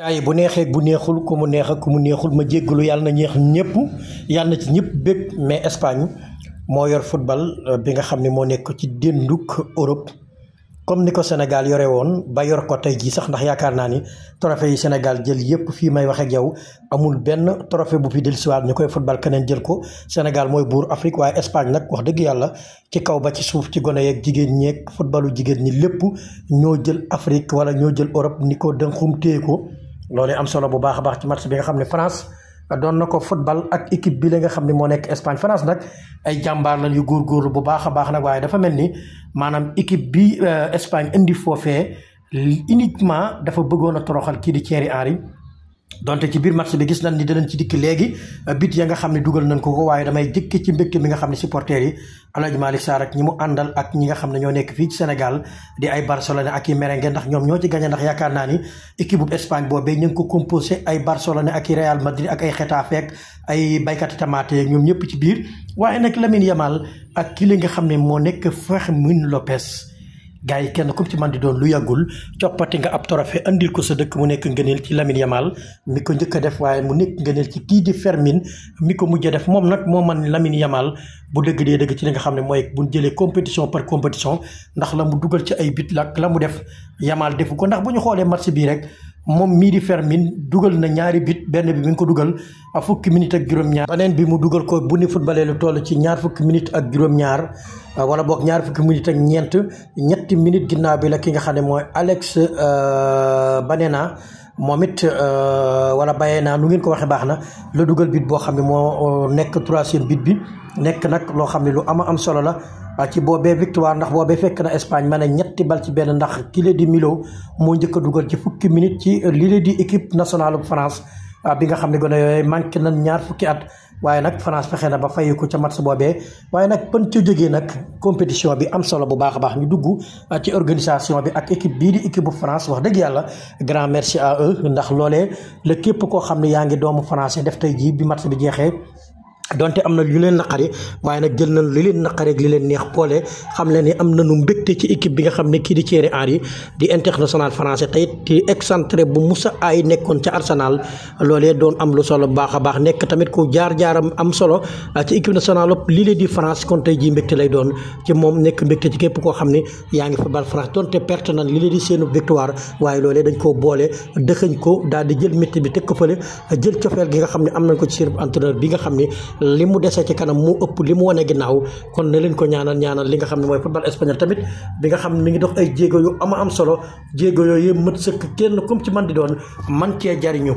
ay bu neexee bu neexul ku mu neex ak ku mu neexul ma jéggalu yàlla na ñeex ñëpp yàlla na ci ñëpp bëgg mais Espagne moo yor football euh, bi nga xam ne moo nekk ci dénduk Europe comme ni ko senegal yore woon ba yor ko tey jii sax ndax yaakaar naa ni trophée yi Sénégal jël yëpp fii may wax ak amul benn trophée bu fi dellusiwaat ñu koy football keneen jël ko Sénégal mooy buur Afrique waaye Espagne nag wax dëgg yàlla ci kaw ba ci suuf ci gone yeeg jigéen ñeeg footballu jigéen ñi lépp ñoo jël Afrique wala ñoo jël Europe ni ko dënxum téye loolu am solo bu baax a baax ci match bi nga xam ne France doon na ko football ak équipe bi la nga xam ne moo nekk Espagne France nag ay jàmbaar lañu yu góorgóorlu bu baax a baax na waaye dafa mel ni maanaam équipe bi euh, Espagne indi foofee uniquement dafa bëggoon a toroxal kii di Thierry Henry donte ci biir match bi gis nañ ni dinañ ci dikk léegi euh, bit ya nga xam ne dugal nañ ko ko waaye damay jëkk ci mbégte mi nga xam ne supporters yi Aladji Malick Sarr ak ñi mu àndal ak ñi nga xam ne ñoo nekk fii ci Sénégal di ay Barcelone ak i merengue ndax ñoom ñoo ci gagné ndax yaakaar naa ni équipe bu Espagne boobee ñu ko composé ay Barcelone ak i Real Madrid ak ay Getafe ak ay baykati tamaate ñoom ñëpp ci biir waaye nag Lamine Yamal ak ki li nga xam ne moo nekk Fermín López gars yi kenn ku ci man di doon lu yàggul coppati nga ab trophée andil ko sa dëkk mu nekk ngëneel ci Lamine Yamal mi ko njëkk def waaye mu nekk ngëneel ci kii di Fermin mi ko mujj def moom nag moo man Lamine Yamal bu dëgg dee dëgg ci li nga xam ne mooy bu ñu jëlee compétition par compétition ndax la mu dugal ci ay bit lak la mu def Yamal defu ko ndax bu ñu xoolee match bii rek moom mii di Fermin dugal na ñaari bit benn bi mi ngi ko dugal a fukki minute ak juróom-ñaar beneen bi mu dugal ko bu ni footballee lu toll ci ñaar fukki minute ak juróom-ñaar wala boog ñaar fukki minute ak ñeent ñetti minute ginnaaw bi la ki nga xam ne mooy Alex euh, Banena moom it euh, wala bayee naa nu ngeen ko waxee baax na la dugal bit boo xam ne moo euh, nekk troisième bit bi nekk nag loo xam ne lu ama am solo la a euh, ci boobee victoire ndax boobee fekk na Espagne ma ne ñetti bal ci benn ndax kilo di Milo moo njëkk a dugal ci fukki minute ci lii di équipe nationale bu France Ah, bi nga xam ne gone yooyu manqué nañ ñaar fukki at waaye nag France fexe na ba fayu ko ca match boobee waaye nag ban ci jógee nag compétition bi am solo bu baax a baax ñu dugg ah, ci organisation bi ak équipe bii di équipe bu France wax dëgg yàlla grand merci à eux ndax loole la képp koo xam ne yaa ngi doomu français def tey jii bi match bi jeexee donte am na lu leen naqari waaye nag jël nañ li leen naqari leen neex boole xam leen ni am na nañu mbégte ci équipe bi nga xam ne kii di Thierry Henry di international français tey di excentré bu Moussa Ay nekkoon ca Arsenal loole doon am lu solo baax a baax nekk tamit ku jaar-jaaram am solo ah, ci équipe nationale li leen di France kon tey jii mbégte lay doon ci moom nekk mbégte ci képp koo xam ne yaa ngi bal France donte perte nañ li leen di seenu victoire waaye loole dañ koo boole dëxëñ ko daal di jël métti bi teg ko fële jël cofeel gi nga xam ne am nañ ko ci seen entraîneur bi nga xam ne li mu dese ci kanam mu ëpp li mu wane ginnaaw kon ne leen ko ñaanal ñaanal li nga xam ne mooy football espagnol tamit bi nga xam ne mu ngi dox ay jéego yu ama am solo jéego yooyu mët sëkk kenn comme ci man di doon man cee jariñu